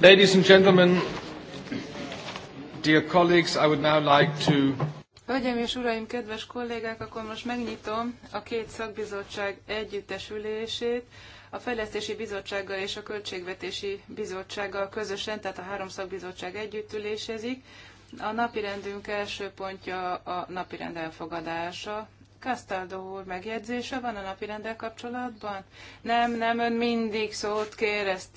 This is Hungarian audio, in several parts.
Ladies and gentlemen, dear colleagues, I would now like to... Hölgyeim és uraim, kedves kollégák, akkor most megnyitom a két szakbizottság együttes ülését, a Fejlesztési Bizottsággal és a Költségvetési Bizottsággal közösen, tehát a három szakbizottság együtt ülésezik. A napirendünk első pontja a napirend elfogadása, Castaldo úr megjegyzése van a napirenddel kapcsolatban? Nem, nem, ön mindig szót kér, ezt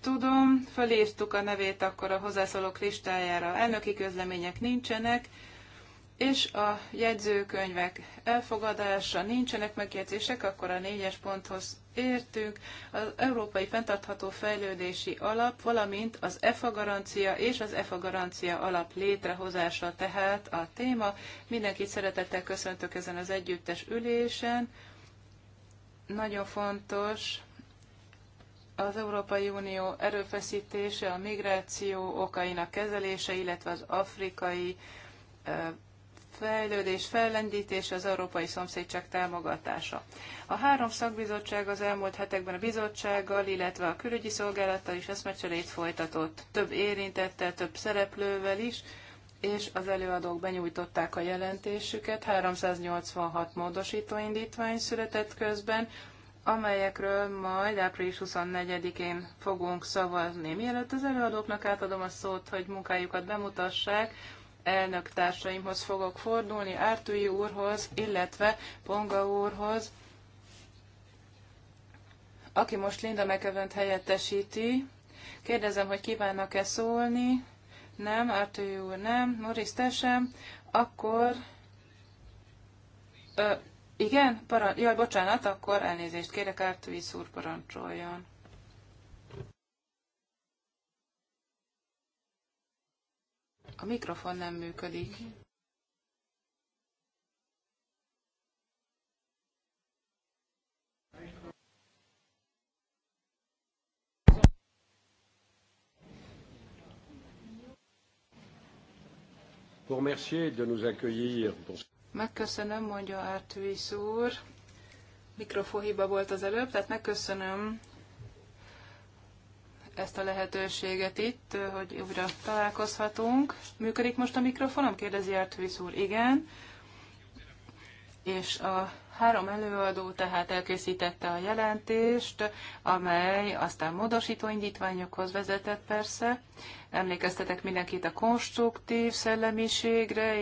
tudom, fölírtuk a nevét akkor a hozzászólók listájára. Elnöki közlemények nincsenek, és a jegyzőkönyvek elfogadása nincsenek megjegyzések, akkor a négyes ponthoz értünk. Az Európai Fentartható Fejlődési Alap, valamint az EFA garancia és az EFA garancia alap létrehozása tehát a téma. Mindenkit szeretettel köszöntök ezen az együttes ülésen. Nagyon fontos, az Európai Unió erőfeszítése a migráció okainak kezelése, illetve az afrikai fejlődés, fellendítése, az európai szomszédság támogatása. A három szakbizottság az elmúlt hetekben a bizottsággal, illetve a külügyi szolgálattal is eszmecserét folytatott, több érintettel, több szereplővel is, és az előadók benyújtották a jelentésüket. 386 módosító indítvány született közben, amelyekről majd április 24-én fogunk szavazni. Mielőtt az előadóknak átadom a szót, hogy munkájukat bemutassák, elnök társaimhoz fogok fordulni, Ártúi úrhoz, illetve Ponga úrhoz, aki most Linda Mekevönt helyettesíti. Kérdezem, hogy kívánnak-e szólni? Nem, Ártúi úr nem, Norris te sem. Akkor igen? Paran- Jaj, bocsánat, akkor elnézést kérek, Ártvíz úr parancsoljon. A mikrofon nem működik. Pour remercier de nous accueillir pour Megköszönöm, mondja Artvis úr. Mikrofóhiba volt az előbb, tehát megköszönöm ezt a lehetőséget itt, hogy újra találkozhatunk. Működik most a mikrofonom? Kérdezi Artvis úr. Igen. És a Három előadó tehát elkészítette a jelentést, amely aztán módosító indítványokhoz vezetett persze. Emlékeztetek mindenkit a konstruktív szellemiségre,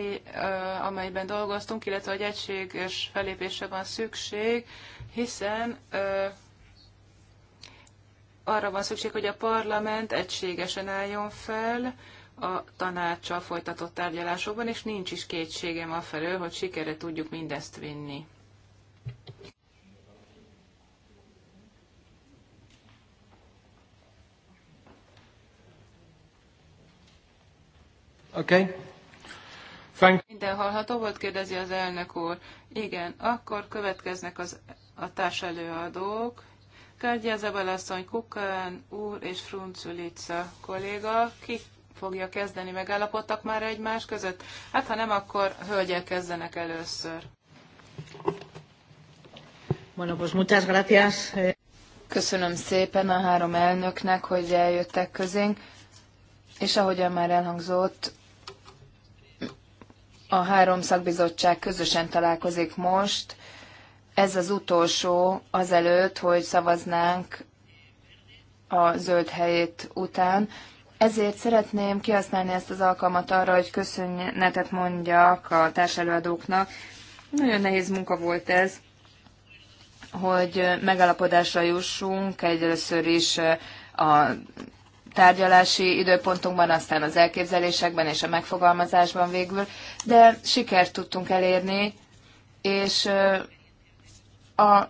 amelyben dolgoztunk, illetve hogy egységes felépésre van szükség, hiszen arra van szükség, hogy a parlament egységesen álljon fel, a tanácssal folytatott tárgyalásokban, és nincs is kétségem felől, hogy sikere tudjuk mindezt vinni. Okay. Thank Minden hallható volt, kérdezi az elnök úr. Igen, akkor következnek az, a társelőadók. Kárgya Zabalasszony, Kukán úr és Frunculica kolléga. Ki fogja kezdeni? Megállapodtak már egymás között? Hát ha nem, akkor hölgyel kezdenek először. Bueno, pues muchas gracias. Köszönöm szépen a három elnöknek, hogy eljöttek közénk, és ahogyan már elhangzott, a három szakbizottság közösen találkozik most. Ez az utolsó azelőtt, hogy szavaznánk a zöld helyét után. Ezért szeretném kihasználni ezt az alkalmat arra, hogy köszönetet mondjak a társelőadóknak. Nagyon nehéz munka volt ez, hogy megalapodásra jussunk. Egyelőször is a tárgyalási időpontunkban, aztán az elképzelésekben és a megfogalmazásban végül, de sikert tudtunk elérni, és a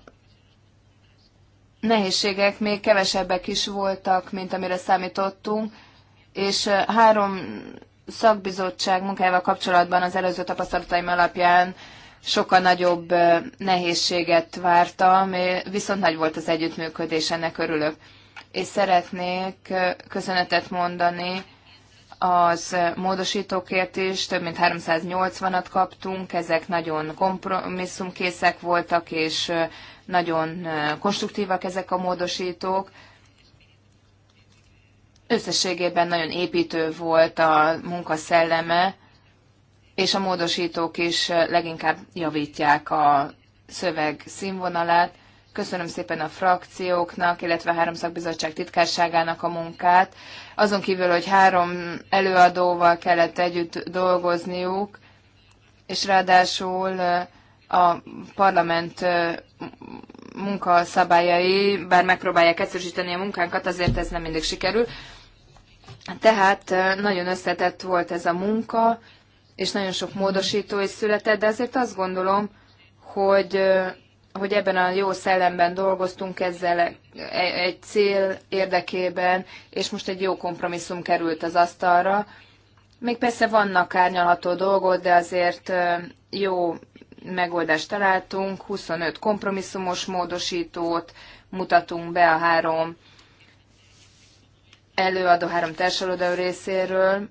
nehézségek még kevesebbek is voltak, mint amire számítottunk, és három szakbizottság munkájával kapcsolatban az előző tapasztalataim alapján sokkal nagyobb nehézséget vártam, viszont nagy volt az együttműködés, ennek örülök és szeretnék köszönetet mondani az módosítókért is, több mint 380-at kaptunk, ezek nagyon kompromisszumkészek voltak, és nagyon konstruktívak ezek a módosítók. Összességében nagyon építő volt a munka szelleme, és a módosítók is leginkább javítják a szöveg színvonalát. Köszönöm szépen a frakcióknak, illetve a három szakbizottság titkárságának a munkát. Azon kívül, hogy három előadóval kellett együtt dolgozniuk, és ráadásul a parlament munkaszabályai, bár megpróbálják egyszerűsíteni a munkánkat, azért ez nem mindig sikerül. Tehát nagyon összetett volt ez a munka, és nagyon sok módosító is született, de azért azt gondolom, hogy hogy ebben a jó szellemben dolgoztunk ezzel e, egy cél érdekében, és most egy jó kompromisszum került az asztalra. Még persze vannak árnyalható dolgok, de azért jó megoldást találtunk, 25 kompromisszumos módosítót mutatunk be a három előadó három társadalom részéről.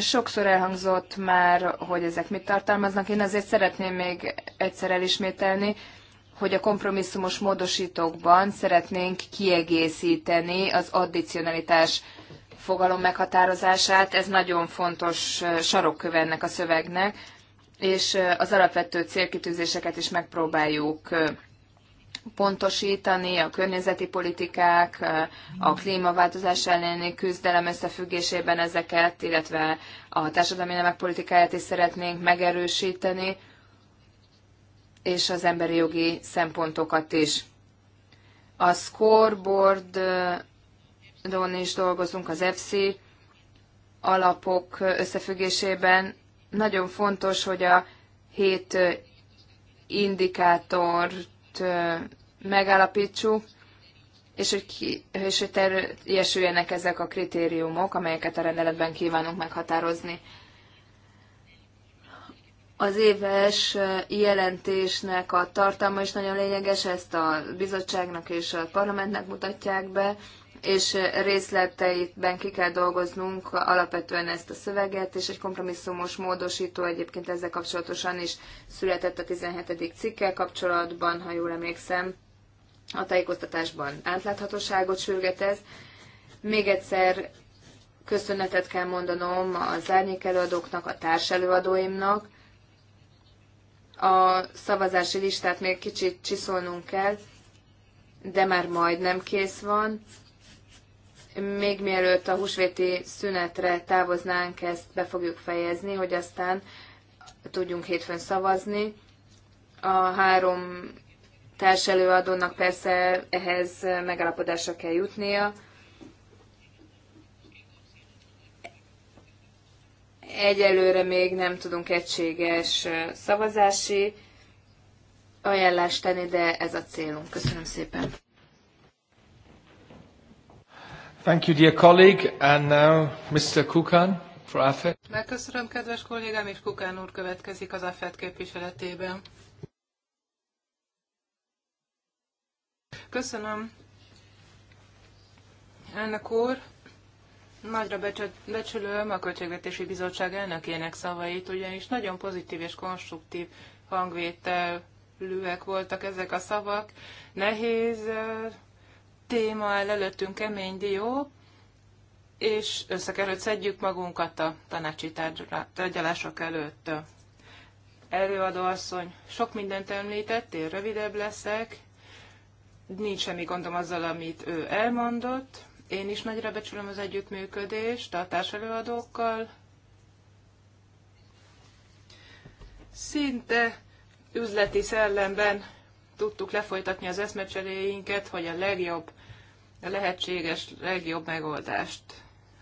Sokszor elhangzott már, hogy ezek mit tartalmaznak. Én azért szeretném még egyszer elismételni, hogy a kompromisszumos módosítókban szeretnénk kiegészíteni az addicionalitás fogalom meghatározását. Ez nagyon fontos sarokköve ennek a szövegnek, és az alapvető célkitűzéseket is megpróbáljuk pontosítani, a környezeti politikák, a klímaváltozás elleni küzdelem összefüggésében ezeket, illetve a társadalmi nemek politikáját is szeretnénk megerősíteni és az emberi jogi szempontokat is. A scoreboardon is dolgozunk, az FC alapok összefüggésében. Nagyon fontos, hogy a hét indikátort megállapítsuk, és hogy, ki, és hogy teljesüljenek ezek a kritériumok, amelyeket a rendeletben kívánunk meghatározni. Az éves jelentésnek a tartalma is nagyon lényeges, ezt a bizottságnak és a parlamentnek mutatják be, és részleteiben ki kell dolgoznunk alapvetően ezt a szöveget, és egy kompromisszumos módosító egyébként ezzel kapcsolatosan is született a 17. cikkel kapcsolatban, ha jól emlékszem, a tájékoztatásban átláthatóságot sürget ez. Még egyszer köszönetet kell mondanom az árnyék előadóknak, a társelőadóimnak, a szavazási listát még kicsit csiszolnunk kell, de már majdnem kész van. Még mielőtt a húsvéti szünetre távoznánk, ezt be fogjuk fejezni, hogy aztán tudjunk hétfőn szavazni. A három társelőadónak persze ehhez megállapodásra kell jutnia, Egyelőre még nem tudunk egységes szavazási ajánlást tenni, de ez a célunk. Köszönöm szépen. Thank you, dear colleague, and now Mr. Kukan for AFET. Megköszönöm, kedves kollégám, és Kukan úr következik az AFET képviseletében. Köszönöm. Elnök úr, Nagyra becsülöm a Költségvetési Bizottság elnökének szavait, ugyanis nagyon pozitív és konstruktív hangvételűek voltak ezek a szavak. Nehéz téma el előttünk kemény dió, és össze kell, hogy szedjük magunkat a tanácsi tárgyalások előtt. Előadó asszony, sok mindent említett, én rövidebb leszek, nincs semmi gondom azzal, amit ő elmondott, én is nagyra becsülöm az együttműködést a társelőadókkal. Szinte üzleti szellemben tudtuk lefolytatni az eszmecseréinket, hogy a legjobb, a lehetséges legjobb megoldást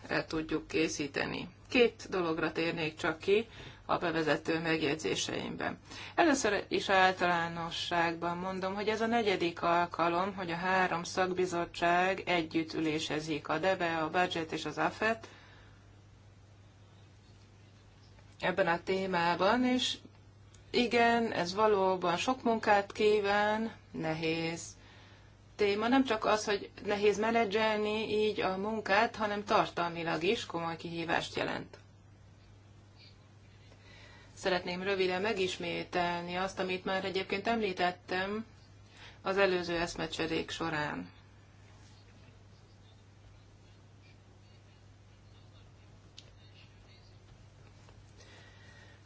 el tudjuk készíteni. Két dologra térnék csak ki, a bevezető megjegyzéseimben. Először is általánosságban mondom, hogy ez a negyedik alkalom, hogy a három szakbizottság együtt ülésezik, a DEBE, a Budget és az AFET ebben a témában, és igen, ez valóban sok munkát kíván, nehéz téma. Nem csak az, hogy nehéz menedzselni így a munkát, hanem tartalmilag is komoly kihívást jelent szeretném röviden megismételni azt, amit már egyébként említettem az előző eszmecserék során.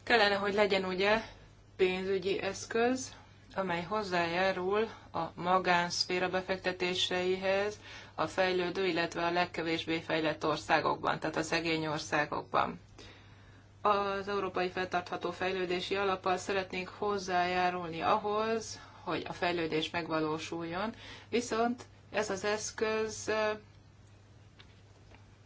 Kellene, hogy legyen ugye pénzügyi eszköz, amely hozzájárul a magánszféra befektetéseihez a fejlődő, illetve a legkevésbé fejlett országokban, tehát a szegény országokban az Európai Feltartható Fejlődési Alappal szeretnénk hozzájárulni ahhoz, hogy a fejlődés megvalósuljon, viszont ez az eszköz eh,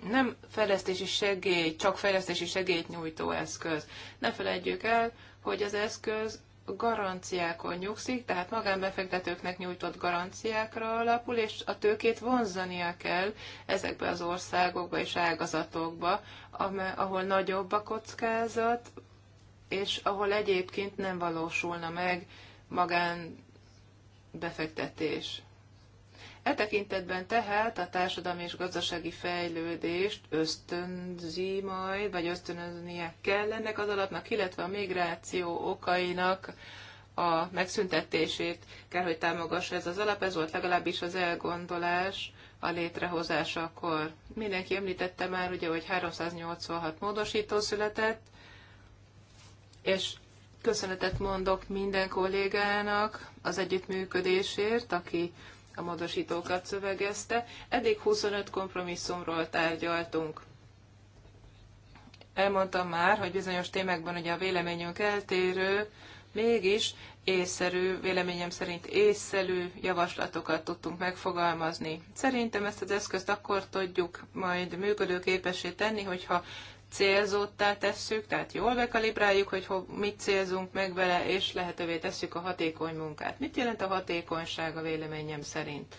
nem fejlesztési segély, csak fejlesztési segélyt nyújtó eszköz. Ne felejtjük el, hogy az eszköz garanciákon nyugszik, tehát magánbefektetőknek nyújtott garanciákra alapul, és a tőkét vonzania kell ezekbe az országokba és ágazatokba, ahol nagyobb a kockázat, és ahol egyébként nem valósulna meg magánbefektetés. E tekintetben tehát a társadalmi és gazdasági fejlődést ösztönzi majd, vagy ösztönöznie kell ennek az alapnak, illetve a migráció okainak a megszüntetését kell, hogy támogassa ez az alap. Ez volt legalábbis az elgondolás a létrehozásakor. Mindenki említette már, ugye, hogy 386 módosító született, és köszönetet mondok minden kollégának az együttműködésért, aki a módosítókat szövegezte. Eddig 25 kompromisszumról tárgyaltunk. Elmondtam már, hogy bizonyos témákban ugye a véleményünk eltérő, mégis észszerű, véleményem szerint észszerű javaslatokat tudtunk megfogalmazni. Szerintem ezt az eszközt akkor tudjuk majd működőképessé tenni, hogyha célzottá tesszük, tehát jól bekalibráljuk, hogy mit célzunk meg vele, és lehetővé tesszük a hatékony munkát. Mit jelent a hatékonyság a véleményem szerint?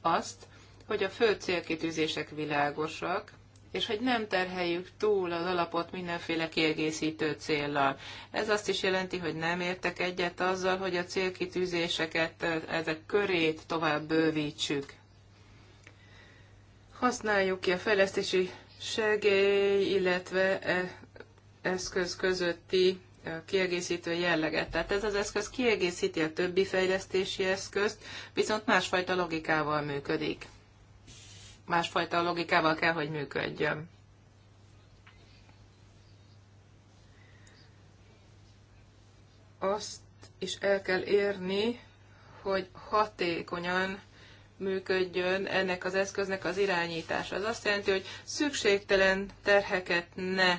Azt, hogy a fő célkitűzések világosak, és hogy nem terheljük túl az alapot mindenféle kiegészítő céllal. Ez azt is jelenti, hogy nem értek egyet azzal, hogy a célkitűzéseket, eh, ezek körét tovább bővítsük. Használjuk ki a fejlesztési segély, illetve e, eszköz közötti e, kiegészítő jelleget. Tehát ez az eszköz kiegészíti a többi fejlesztési eszközt, viszont másfajta logikával működik. Másfajta logikával kell, hogy működjön. Azt is el kell érni, hogy hatékonyan működjön ennek az eszköznek az irányítása. az azt jelenti, hogy szükségtelen terheket ne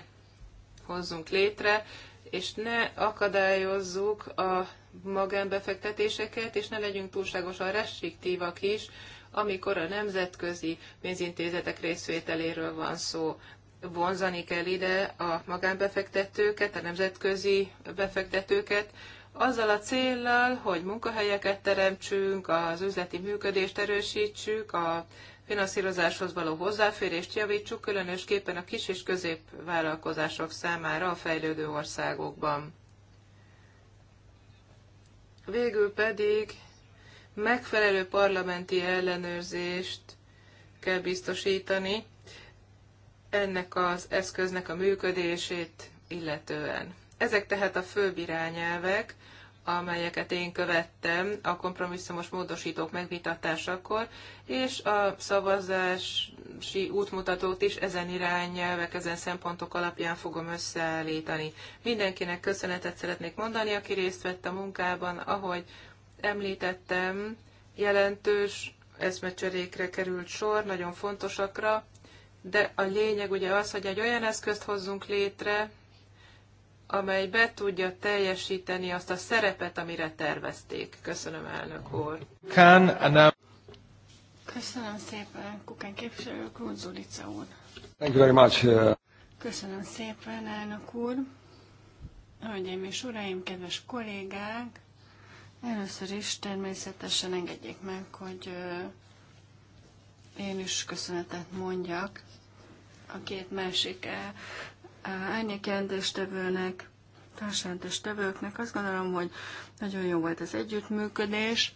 hozzunk létre, és ne akadályozzuk a magánbefektetéseket, és ne legyünk túlságosan restriktívak is, amikor a nemzetközi pénzintézetek részvételéről van szó. Vonzani kell ide a magánbefektetőket, a nemzetközi befektetőket, azzal a céllal, hogy munkahelyeket teremtsünk, az üzleti működést erősítsük, a finanszírozáshoz való hozzáférést javítsuk, különösképpen a kis és középvállalkozások számára a fejlődő országokban. Végül pedig megfelelő parlamenti ellenőrzést kell biztosítani ennek az eszköznek a működését illetően. Ezek tehát a főbb irányelvek, amelyeket én követtem a kompromisszumos módosítók megvitatásakor, és a szavazási útmutatót is ezen irányelvek, ezen szempontok alapján fogom összeállítani. Mindenkinek köszönetet szeretnék mondani, aki részt vett a munkában, ahogy említettem, jelentős eszmecserékre került sor, nagyon fontosakra, de a lényeg ugye az, hogy egy olyan eszközt hozzunk létre, amely be tudja teljesíteni azt a szerepet, amire tervezték. Köszönöm, elnök úr. Köszönöm szépen, Kukán képviselő, Kruzulica úr. Thank you very much. Uh, Köszönöm szépen, elnök úr. Hölgyeim és uraim, kedves kollégák, először is természetesen engedjék meg, hogy uh, én is köszönetet mondjak a két másik uh, árnyékjelentéstevőnek, tevőknek, Azt gondolom, hogy nagyon jó volt az együttműködés.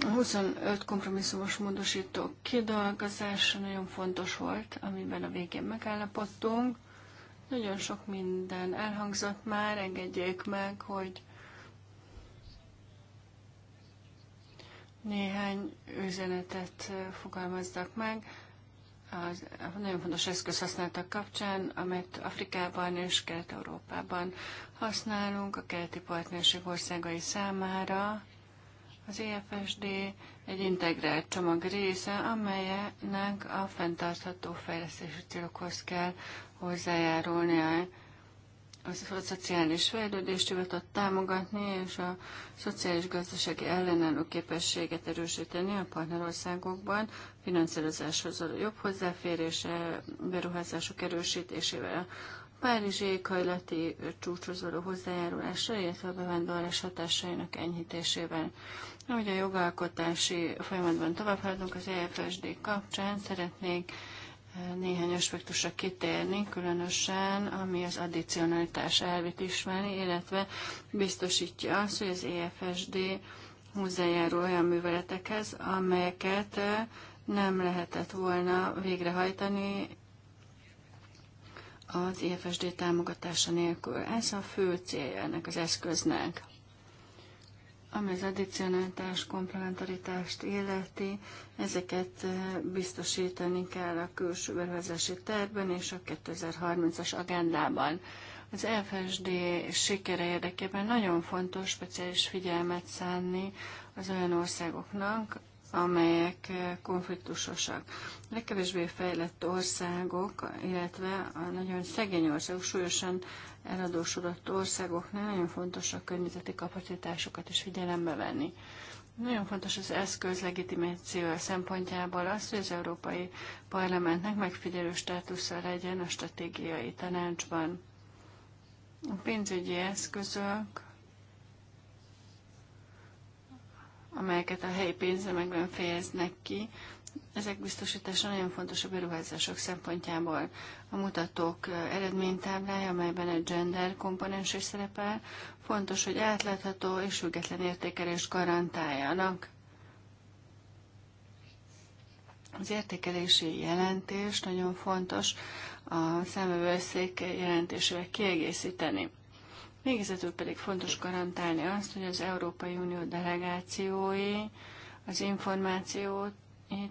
A 25 kompromisszumos módosító kidolgozása nagyon fontos volt, amiben a végén megállapodtunk. Nagyon sok minden elhangzott már, engedjék meg, hogy néhány üzenetet fogalmazzak meg az nagyon fontos eszköz használtak kapcsán, amit Afrikában és Kelet-Európában használunk a keleti partnerség országai számára. Az EFSD egy integrált csomag része, amelynek a fenntartható fejlesztési célokhoz kell hozzájárulnia a szociális fejlődést hivatott támogatni, és a szociális gazdasági ellenálló képességet erősíteni a partnerországokban, finanszírozáshoz való jobb hozzáférése, beruházások erősítésével, a Párizsi éghajlati csúcshoz való hozzájárulásra, illetve a bevándorlás hatásainak enyhítésével. Ahogy a jogalkotási folyamatban haladunk az EFSD kapcsán, szeretnék néhány aspektusra kitérni, különösen ami az addicionalitás elvét ismeri, illetve biztosítja azt, hogy az EFSD hozzájárul olyan műveletekhez, amelyeket nem lehetett volna végrehajtani az EFSD támogatása nélkül. Ez a fő célja ennek az eszköznek ami az addicionáltás, komplementaritást illeti, ezeket eh, biztosítani kell a külső beruházási tervben és a 2030-as agendában. Az FSD sikere érdekében nagyon fontos speciális figyelmet szánni az olyan országoknak, amelyek konfliktusosak. A legkevésbé fejlett országok, illetve a nagyon szegény országok, súlyosan eladósodott országoknál nagyon fontos a környezeti kapacitásokat is figyelembe venni. Nagyon fontos az eszköz legitimáció szempontjából az, hogy az Európai Parlamentnek megfigyelő státusza legyen a stratégiai tanácsban. A pénzügyi eszközök amelyeket a helyi pénzemekben fejeznek ki. Ezek biztosítása nagyon fontos a beruházások szempontjából. A mutatók eredménytáblája, amelyben egy gender komponens is szerepel, fontos, hogy átlátható és független értékelést garantáljanak. Az értékelési jelentés nagyon fontos a számövőszék jelentésével kiegészíteni. Végezetül pedig fontos garantálni azt, hogy az Európai Unió delegációi az információt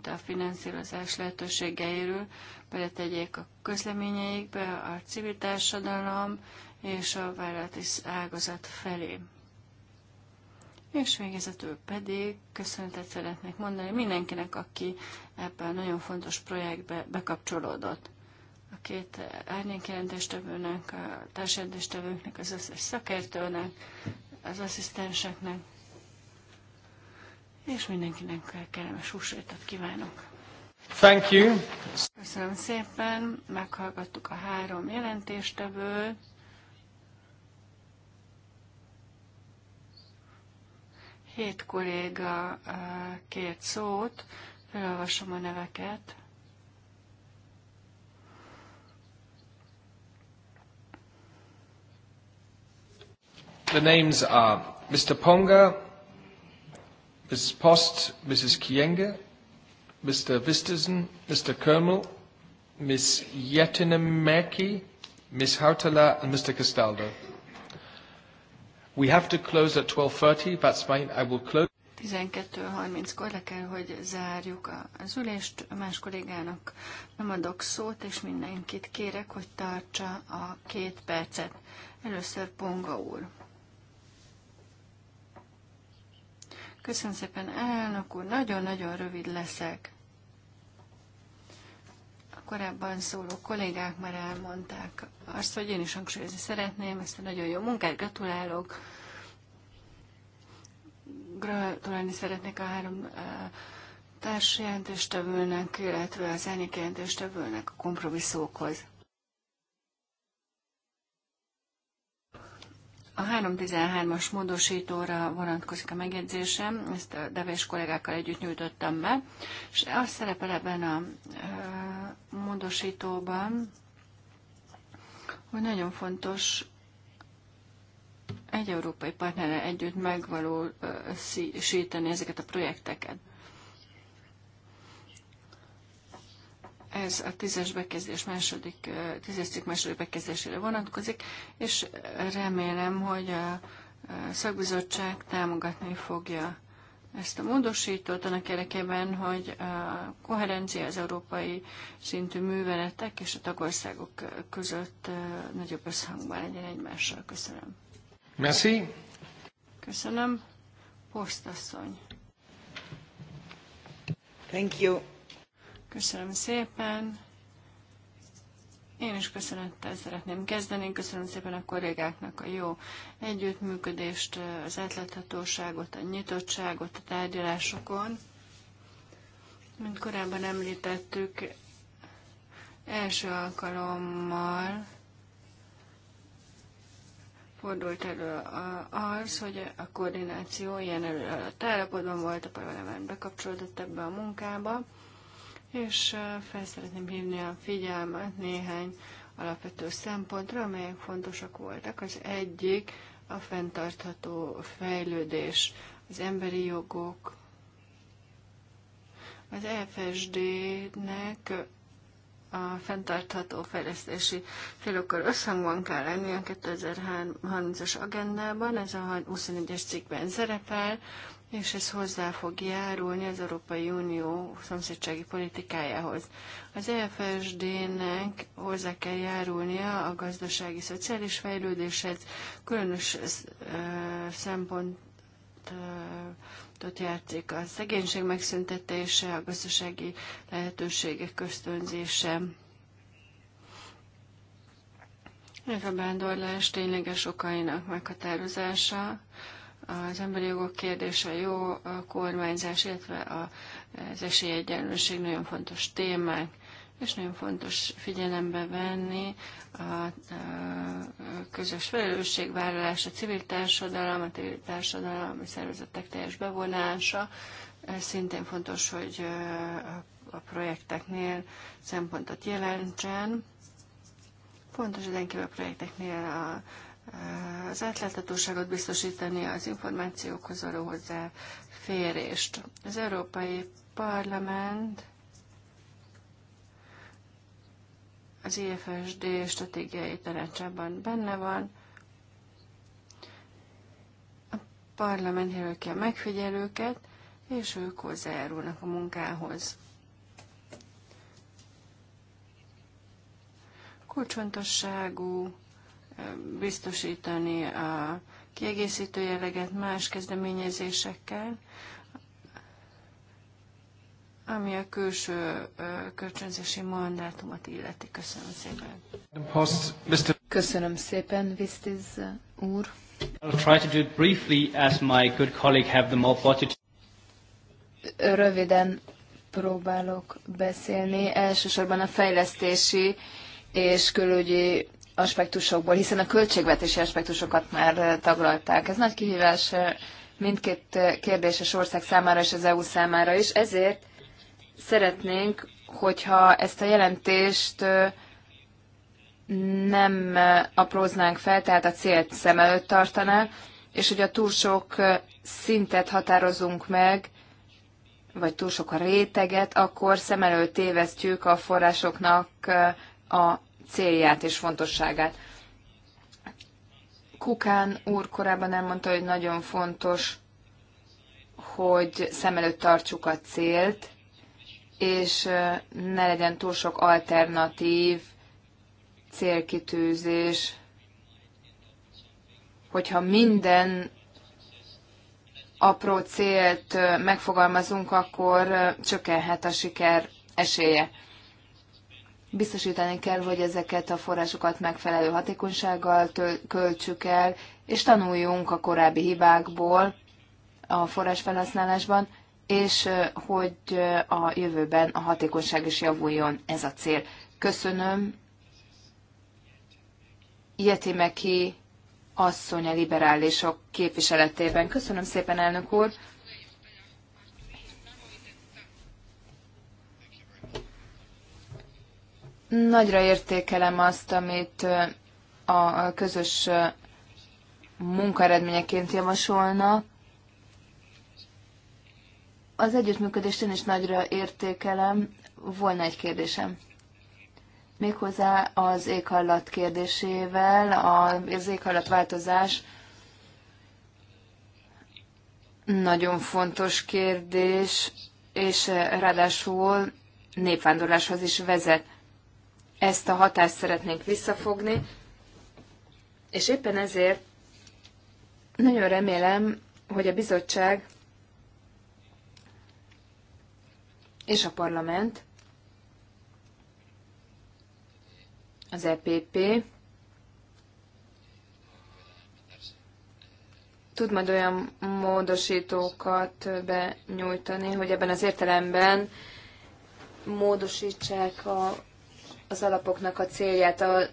a finanszírozás lehetőségeiről beletegyék a közleményeikbe a civil társadalom és a vállalati ágazat felé. És végezetül pedig köszönetet szeretnék mondani mindenkinek, aki ebben a nagyon fontos projektbe bekapcsolódott a két árnyékjelentéstevőnek, a társjelentéstevőknek, az összes szakértőnek, az asszisztenseknek, és mindenkinek kellemes húsvétot kívánok. Thank you. Köszönöm szépen, meghallgattuk a három jelentéstevőt. Hét kolléga eh, kért szót, felolvasom a neveket. The names are Mr. Ponga, Mrs. Post, Mrs. Kienge, Mr. Vistersen, Mr. Kermel, Ms. Yetinemeki, Ms. Hautala, and Mr. Castaldo. We have to close at 12.30. That's fine. I will close. 12.30-kor le kell, hogy zárjuk az ülést. más kollégának nem adok szót, és mindenkit kérek, hogy tartsa a két percet. Először Ponga úr. Köszönöm szépen, elnök úr, nagyon-nagyon rövid leszek. A korábban szóló kollégák már elmondták azt, hogy én is hangsúlyozni szeretném ezt a nagyon jó munkát, gratulálok. Gratulálni szeretnék a három eh, társjelentéstevőnek, illetve az elnyék jelentéstevőnek a kompromisszókhoz. A 313-as módosítóra vonatkozik a megjegyzésem, ezt a devés kollégákkal együtt nyújtottam be, és azt szerepel ebben a módosítóban, hogy nagyon fontos egy európai partnerrel együtt megvalósítani ezeket a projekteket. ez a tízes bekezdés második, tízes cikk második bekezdésére vonatkozik, és remélem, hogy a szakbizottság támogatni fogja ezt a módosítót annak érdekében, hogy a koherencia az európai szintű műveletek és a tagországok között nagyobb összhangban legyen egymással. Köszönöm. Merci. Köszönöm. Posztasszony. Thank you. Köszönöm szépen. Én is köszönettel szeretném kezdeni. Köszönöm szépen a kollégáknak a jó együttműködést, az átláthatóságot, a nyitottságot a tárgyalásokon. Mint korábban említettük, első alkalommal fordult elő az, hogy a koordináció ilyen előadott állapotban volt, a parlament bekapcsolódott ebbe a munkába és fel szeretném hívni a figyelmet néhány alapvető szempontra, amelyek fontosak voltak. Az egyik a fenntartható fejlődés, az emberi jogok. Az FSD-nek a fenntartható fejlesztési célokkal összhangban kell lenni a 2030-as agendában, ez a 21-es cikkben szerepel, és ez hozzá fog járulni az Európai Unió szomszédsági politikájához. Az EFSD-nek hozzá kell járulnia a gazdasági szociális fejlődéshez, különös szempontot játszik a szegénység megszüntetése, a gazdasági lehetőségek köztönzése. Ez a bándorlás tényleges okainak meghatározása, az emberi jogok kérdése, a jó a kormányzás, illetve az esélyegyenlőség nagyon fontos témák, és nagyon fontos figyelembe venni a, a közös felelősségvállalás, a civil társadalom, a civil társadalmi szervezetek teljes bevonása. Szintén fontos, hogy a projekteknél szempontot jelentsen. Fontos hogy a projekteknél a az átláthatóságot biztosítani, az információkhoz való hozzáférést. Az Európai Parlament az IFSD stratégiai tanácsában benne van. A parlament jelöl a megfigyelőket, és ők hozzájárulnak a munkához. Kulcsfontosságú biztosítani a kiegészítő jelleget más kezdeményezésekkel, ami a külső kölcsönzési mandátumot illeti. Köszönöm szépen. Köszönöm szépen, Vistiz úr. I'll try to do it briefly as my good colleague have the opportunity. Röviden próbálok beszélni. Elsősorban a fejlesztési és külügyi aspektusokból, hiszen a költségvetési aspektusokat már eh, taglalták. Ez nagy kihívás eh, mindkét eh, kérdéses ország számára és az EU számára is. Ezért szeretnénk, hogyha ezt a jelentést nem apróznánk fel, tehát a célt szem előtt tartaná, és hogy a túl sok szintet határozunk meg, vagy túl sok a réteget, akkor szem előtt tévesztjük a forrásoknak a célját és fontosságát. Kukán úr korábban elmondta, hogy nagyon fontos, hogy szem előtt tartsuk a célt, és ne legyen túl sok alternatív célkitűzés, hogyha minden apró célt megfogalmazunk, akkor csökkenhet a siker esélye. Biztosítani kell, hogy ezeket a forrásokat megfelelő hatékonysággal költsük el, és tanuljunk a korábbi hibákból a forrás felhasználásban, és hogy a jövőben a hatékonyság is javuljon, ez a cél. Köszönöm. Ilyeti Meki asszony a liberálisok képviseletében. Köszönöm szépen, elnök úr. Nagyra értékelem azt, amit a közös munkaeredményeként javasolna. Az együttműködést én is nagyra értékelem. Volna egy kérdésem. Méghozzá az éghajlat kérdésével, az éghajlatváltozás nagyon fontos kérdés, és ráadásul népvándorláshoz is vezet ezt a hatást szeretnénk visszafogni, és éppen ezért nagyon remélem, hogy a bizottság és a parlament, az EPP tud majd olyan módosítókat benyújtani, hogy ebben az értelemben módosítsák a az alapoknak a célját. A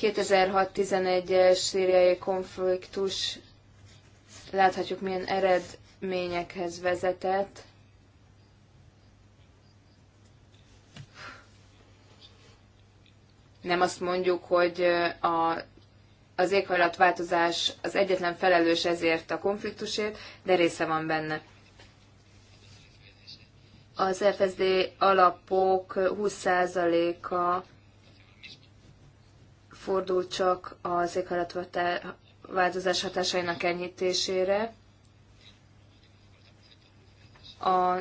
2006-11-es szíriai konfliktus láthatjuk, milyen eredményekhez vezetett. Nem azt mondjuk, hogy a, az éghajlatváltozás az egyetlen felelős ezért a konfliktusért, de része van benne az FSD alapok 20%-a fordul csak az éghajlatváltozás hatásainak enyhítésére, a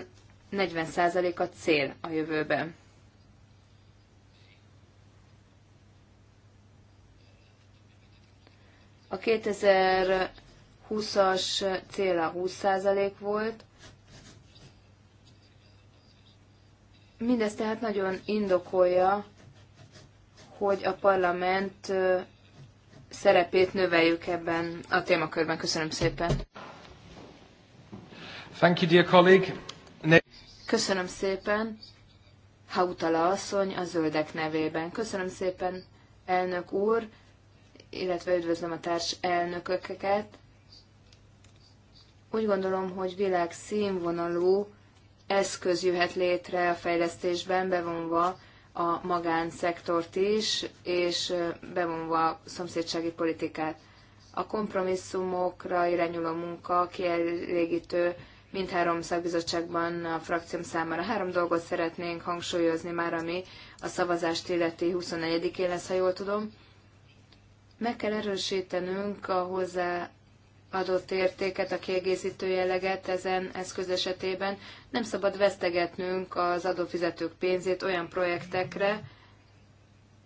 40% a cél a jövőben. A 2020-as cél a 20% volt, Mindez tehát nagyon indokolja, hogy a parlament szerepét növeljük ebben a témakörben. Köszönöm szépen. Thank you, dear colleague. Ne- Köszönöm szépen. Hautala asszony a zöldek nevében. Köszönöm szépen, elnök úr, illetve üdvözlöm a társ elnököket. Úgy gondolom, hogy világ színvonalú eszköz jöhet létre a fejlesztésben, bevonva a magánszektort is, és bevonva a szomszédsági politikát. A kompromisszumokra irányuló munka kielégítő mindhárom szakbizottságban a frakcióm számára. Három dolgot szeretnénk hangsúlyozni már, ami a szavazást illeti 24-én lesz, ha jól tudom. Meg kell erősítenünk a hozzá adott értéket, a kiegészítő jelleget ezen eszköz esetében. Nem szabad vesztegetnünk az adófizetők pénzét olyan projektekre,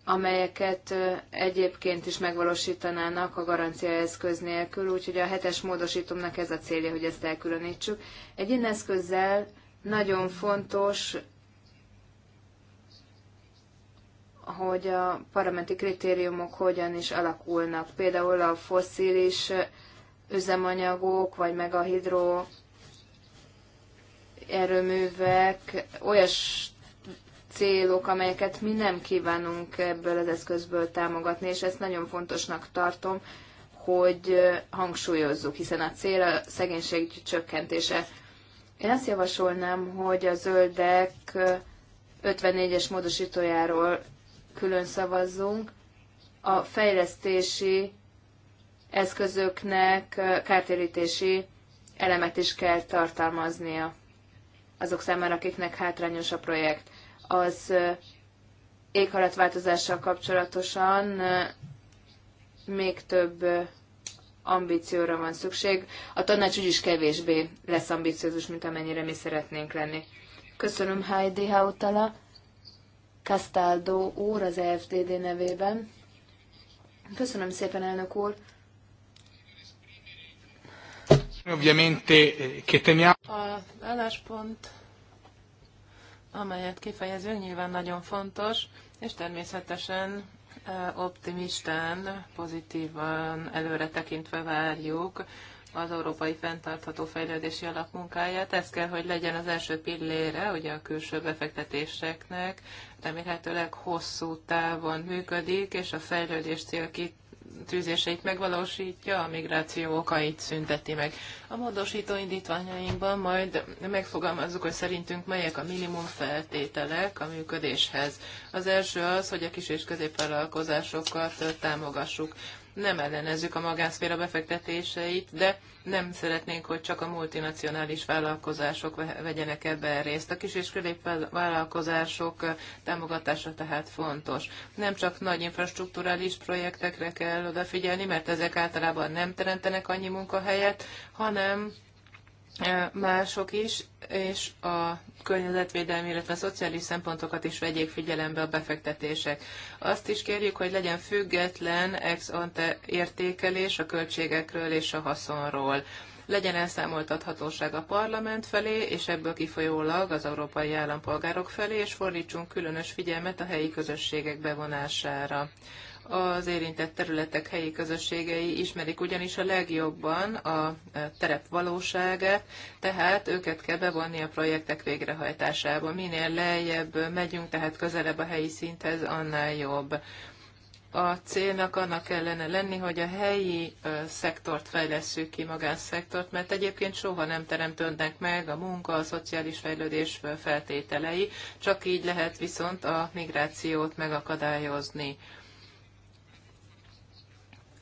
amelyeket egyébként is megvalósítanának a garancia eszköz nélkül, úgyhogy a hetes módosítomnak ez a célja, hogy ezt elkülönítsük. Egy ilyen eszközzel nagyon fontos, hogy a parlamenti kritériumok hogyan is alakulnak. Például a fosszilis üzemanyagok, vagy meg a hidro erőművek olyas célok, amelyeket mi nem kívánunk ebből az eszközből támogatni, és ezt nagyon fontosnak tartom, hogy hangsúlyozzuk, hiszen a cél a szegénység csökkentése. Én azt javasolnám, hogy a zöldek 54-es módosítójáról külön szavazzunk. A fejlesztési eszközöknek kártérítési elemet is kell tartalmaznia azok számára, akiknek hátrányos a projekt. Az éghajlatváltozással kapcsolatosan még több ambícióra van szükség. A tanács úgyis kevésbé lesz ambiciózus, mint amennyire mi szeretnénk lenni. Köszönöm Heidi Hautala, Castaldo úr az EFDD nevében. Köszönöm szépen, elnök úr. Ovviamente eh, che temiamo. A álláspont, amelyet kifejezünk, nyilván nagyon fontos, és természetesen eh, optimistán, pozitívan, előre tekintve várjuk az Európai Fenntartható Fejlődési Alap munkáját. Ez kell, hogy legyen az első pillére, ugye a külső befektetéseknek, remélhetőleg hosszú távon működik, és a fejlődés célkit tűzéseit megvalósítja, a migráció okait szünteti meg. A módosító indítványainkban majd megfogalmazzuk, hogy szerintünk melyek a minimum feltételek a működéshez. Az első az, hogy a kis és középvállalkozásokat támogassuk nem ellenezzük a magánszféra befektetéseit, de nem szeretnénk, hogy csak a multinacionális vállalkozások vegyenek ebben részt. A kis és vállalkozások támogatása tehát fontos. Nem csak nagy infrastruktúrális projektekre kell odafigyelni, mert ezek általában nem teremtenek annyi munkahelyet, hanem mások is, és a környezetvédelmi, illetve a szociális szempontokat is vegyék figyelembe a befektetések. Azt is kérjük, hogy legyen független ex ante értékelés a költségekről és a haszonról. Legyen elszámoltathatóság a parlament felé, és ebből kifolyólag az európai állampolgárok felé, és fordítsunk különös figyelmet a helyi közösségek bevonására az érintett területek helyi közösségei ismerik ugyanis a legjobban a e, terep valóságát, tehát őket kell bevonni a projektek végrehajtásába. Minél lejjebb megyünk, tehát közelebb a helyi szinthez, annál jobb. A célnak annak kellene lenni, hogy a helyi e, szektort fejlesszük ki, magánszektort, mert egyébként soha nem teremtődnek meg a munka, a szociális fejlődés feltételei, csak így lehet viszont a migrációt megakadályozni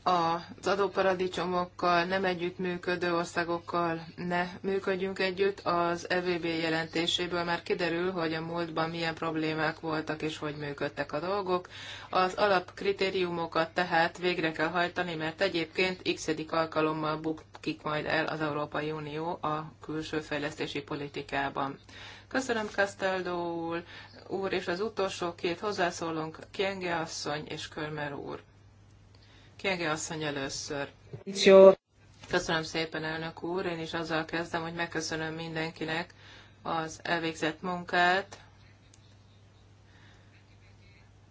az adóparadicsomokkal, nem együttműködő országokkal ne működjünk együtt. Az EVB jelentéséből már kiderül, hogy a múltban milyen problémák voltak és hogy működtek a dolgok. Az alapkritériumokat tehát végre kell hajtani, mert egyébként x alkalommal bukik majd el az Európai Unió a külső fejlesztési politikában. Köszönöm Castaldo úr, és az utolsó két hozzászólónk, Kienge asszony és Körmer úr. Kienge asszony először. Jó. Köszönöm szépen, elnök úr. Én is azzal kezdem, hogy megköszönöm mindenkinek az elvégzett munkát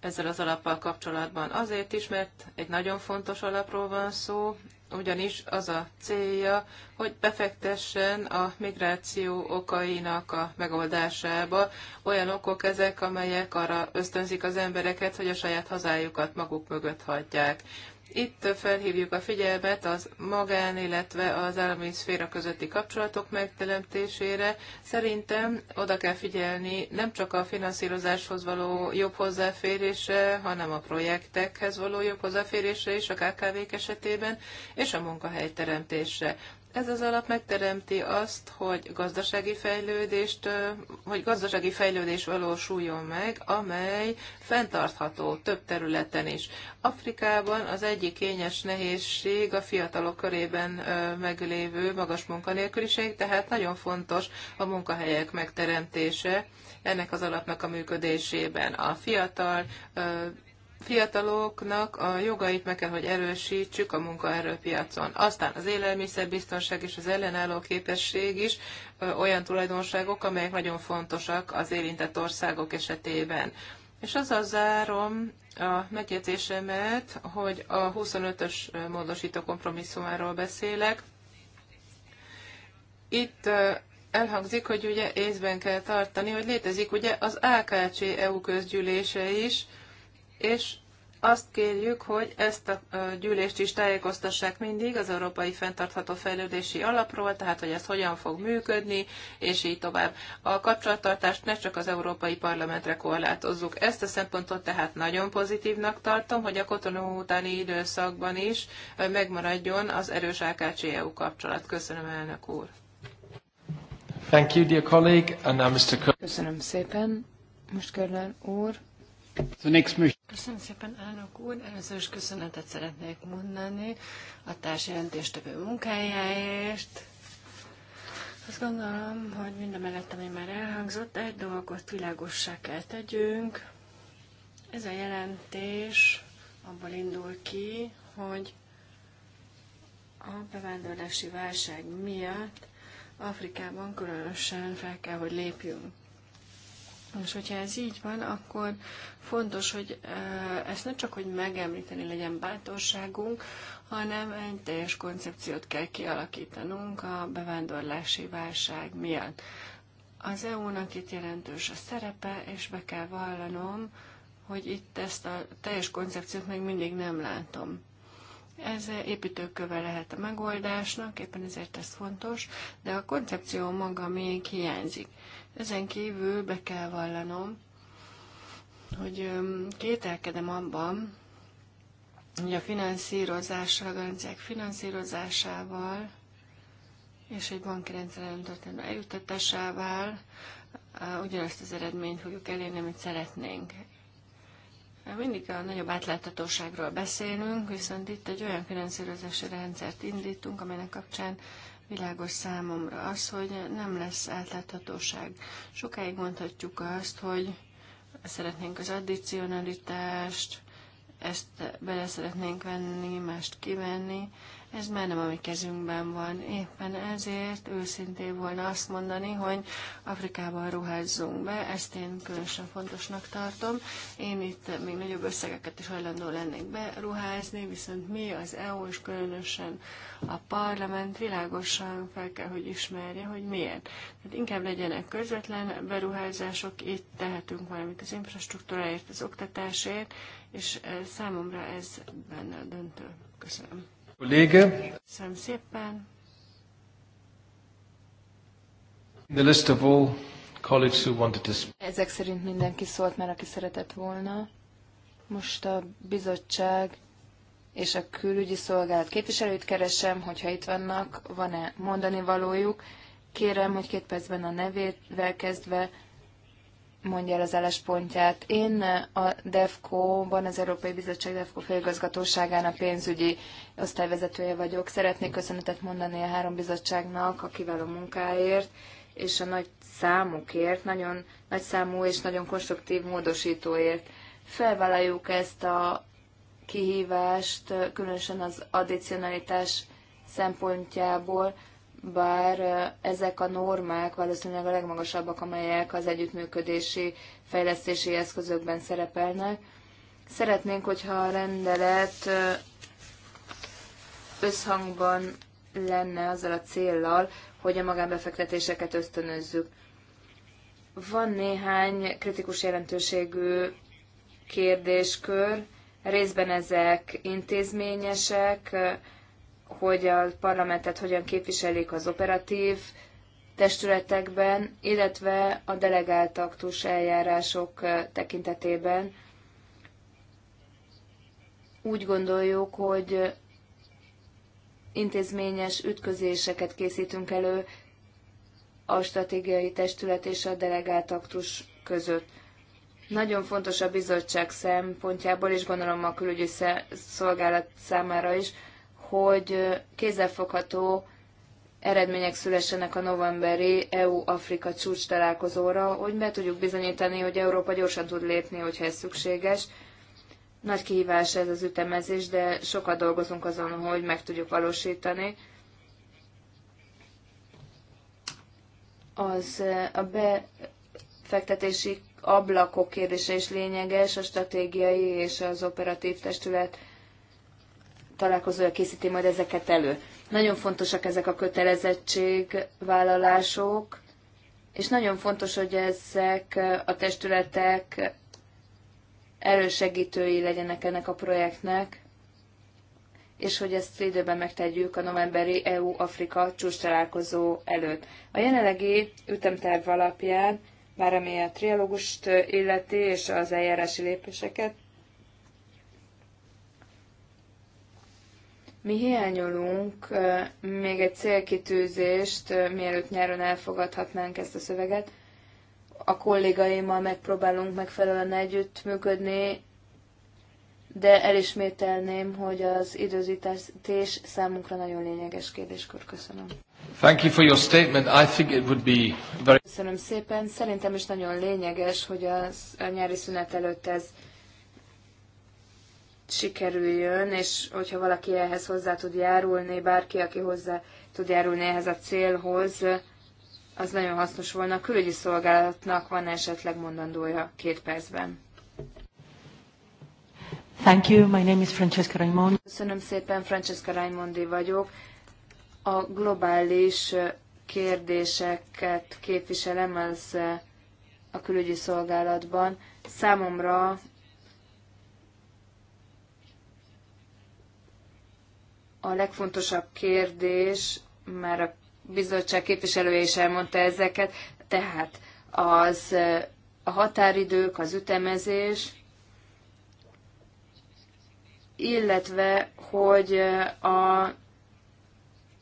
ezzel az alappal kapcsolatban. Azért is, mert egy nagyon fontos alapról van szó, ugyanis az a célja, hogy befektessen a migráció okainak a megoldásába. Olyan okok ezek, amelyek arra ösztönzik az embereket, hogy a saját hazájukat maguk mögött hagyják. Itt felhívjuk a figyelmet az magán, illetve az állami szféra közötti kapcsolatok megteremtésére. Szerintem oda kell figyelni nem csak a finanszírozáshoz való jobb hozzáférésre, hanem a projektekhez való jobb hozzáférésre is a KKV-k esetében, és a munkahelyteremtésre. Ez az alap megteremti azt, hogy gazdasági fejlődést, hogy gazdasági fejlődés valósuljon meg, amely fenntartható több területen is. Afrikában az egyik kényes nehézség a fiatalok körében meglévő magas munkanélküliség, tehát nagyon fontos a munkahelyek megteremtése ennek az alapnak a működésében. A fiatal fiataloknak a jogait meg kell, hogy erősítsük a munkaerőpiacon. Aztán az élelmiszerbiztonság és az ellenálló képesség is olyan tulajdonságok, amelyek nagyon fontosak az érintett országok esetében. És azzal zárom a megjegyzésemet, hogy a 25-ös módosító kompromisszumáról beszélek. Itt elhangzik, hogy ugye észben kell tartani, hogy létezik ugye az AKC EU közgyűlése is, és azt kérjük, hogy ezt a gyűlést is tájékoztassák mindig az Európai Fenntartható Fejlődési Alapról, tehát hogy ez hogyan fog működni, és így tovább. A kapcsolattartást ne csak az Európai Parlamentre korlátozzuk. Ezt a szempontot tehát nagyon pozitívnak tartom, hogy a kotonó utáni időszakban is megmaradjon az erős AKC-EU kapcsolat. Köszönöm, elnök úr. Thank you, dear colleague, and now Mr. Köszönöm szépen. Most Körlen úr. Köszönöm szépen, elnök úr. Először is köszönetet szeretnék mondani a társjelentéstevő munkájáért. Azt gondolom, hogy mind a mellett, ami már elhangzott, egy dolgot világossá kell tegyünk. Ez a jelentés abból indul ki, hogy a bevándorlási válság miatt Afrikában különösen fel kell, hogy lépjünk. És hogyha ez így van, akkor fontos, hogy ezt nem csak, hogy megemlíteni legyen bátorságunk, hanem egy teljes koncepciót kell kialakítanunk a bevándorlási válság miatt. Az EU-nak itt jelentős a szerepe, és be kell vallanom, hogy itt ezt a teljes koncepciót még mindig nem látom. Ez építőköve lehet a megoldásnak, éppen ezért ez fontos, de a koncepció maga még hiányzik. Ezen kívül be kell vallanom, hogy kételkedem abban, hogy a finanszírozással, a garanciák finanszírozásával és egy bankrendszerem történő eljuttatásával ugyanazt az eredményt fogjuk elérni, amit szeretnénk. Mindig a nagyobb átláthatóságról beszélünk, viszont itt egy olyan finanszírozási rendszert indítunk, amelynek kapcsán Világos számomra az, hogy nem lesz átláthatóság. Sokáig mondhatjuk azt, hogy szeretnénk az addicionalitást, ezt bele szeretnénk venni, mást kivenni, ez már nem a mi kezünkben van. Éppen ezért őszintén volna azt mondani, hogy Afrikában ruházzunk be, ezt én különösen fontosnak tartom. Én itt még nagyobb összegeket is hajlandó lennék beruházni, viszont mi az EU és különösen a parlament világosan fel kell, hogy ismerje, hogy miért. Tehát inkább legyenek közvetlen beruházások, itt tehetünk valamit az infrastruktúráért, az oktatásért, és eh, számomra ez benne a döntő. Köszönöm. Kollége. Köszönöm szépen. The list of all colleagues who wanted to speak. Ezek szerint mindenki szólt már, aki szeretett volna. Most a bizottság és a külügyi szolgálat képviselőit keresem, hogyha itt vannak, van-e mondani valójuk. Kérem, hogy két percben a nevével kezdve mondja el az álláspontját. Én a DEFCO-ban, az Európai Bizottság DEFCO főigazgatóságának pénzügyi osztályvezetője vagyok. Szeretnék köszönetet mondani a három bizottságnak a kiváló munkáért és a nagy számukért, nagyon nagy számú és nagyon konstruktív módosítóért. Felvállaljuk ezt a kihívást, különösen az addicionalitás szempontjából, bár ezek a normák valószínűleg a legmagasabbak, amelyek az együttműködési fejlesztési eszközökben szerepelnek. Szeretnénk, hogyha a rendelet összhangban lenne azzal a céllal, hogy a magánbefektetéseket ösztönözzük. Van néhány kritikus jelentőségű kérdéskör, részben ezek intézményesek, hogy a parlamentet hogyan képviselik az operatív testületekben, illetve a delegált aktus eljárások tekintetében. Úgy gondoljuk, hogy intézményes ütközéseket készítünk elő a stratégiai testület és a delegált aktus között. Nagyon fontos a bizottság szempontjából, és gondolom a külügyi szolgálat számára is, hogy kézzelfogható eredmények szülessenek a novemberi EU-Afrika csúcs találkozóra, hogy be tudjuk bizonyítani, hogy Európa gyorsan tud lépni, hogyha ez szükséges. Nagy kihívás ez az ütemezés, de sokat dolgozunk azon, hogy meg tudjuk valósítani. Az a befektetési ablakok kérdése is lényeges, a stratégiai és az operatív testület találkozója készíti majd ezeket elő. Nagyon fontosak ezek a kötelezettségvállalások, és nagyon fontos, hogy ezek a testületek elősegítői legyenek ennek a projektnek, és hogy ezt időben megtegyük a novemberi EU-Afrika csúcs találkozó előtt. A jelenlegi ütemterv alapján, bár ami a trialógust illeti és az eljárási lépéseket, Mi hiányolunk még egy célkitűzést, mielőtt nyáron elfogadhatnánk ezt a szöveget. A kollégaimmal megpróbálunk megfelelően együttműködni, de elismételném, hogy az időzítés számunkra nagyon lényeges kérdéskör. Köszönöm. Thank you for your statement. I think it would be very... Köszönöm szépen. Szerintem is nagyon lényeges, hogy az, a nyári szünet előtt ez sikerüljön, és hogyha valaki ehhez hozzá tud járulni, bárki, aki hozzá tud járulni ehhez a célhoz, az nagyon hasznos volna. A külügyi szolgálatnak van esetleg mondandója két percben. Thank you. My name is Francesca Raimondi. Köszönöm szépen, Francesca Raimondi vagyok. A globális kérdéseket képviselem az a külügyi szolgálatban. Számomra a legfontosabb kérdés, már a bizottság képviselője is elmondta ezeket, tehát az a határidők, az ütemezés, illetve hogy a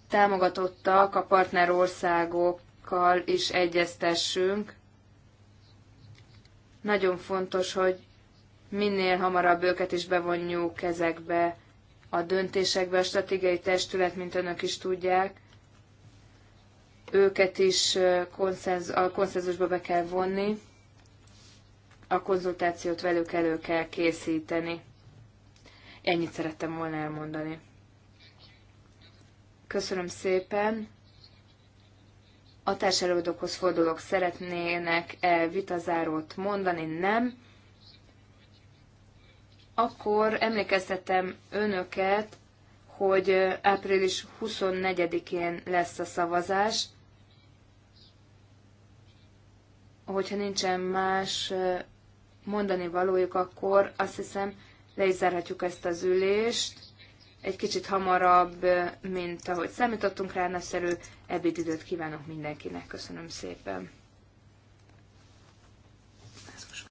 támogatottak a partnerországokkal is egyeztessünk. Nagyon fontos, hogy minél hamarabb őket is bevonjuk ezekbe a döntésekbe a stratégiai testület, mint önök is tudják. Őket is konszenz, a konszenzusba be kell vonni, a konzultációt velük elő kell készíteni. Ennyit szerettem volna elmondani. Köszönöm szépen. A társelődokhoz fordulok, szeretnének -e vitazárót mondani? Nem akkor emlékeztetem önöket, hogy április 24-én lesz a szavazás. Hogyha nincsen más mondani valójuk, akkor azt hiszem le is zárhatjuk ezt az ülést. Egy kicsit hamarabb, mint ahogy számítottunk rá, nagyszerű ebédidőt kívánok mindenkinek. Köszönöm szépen.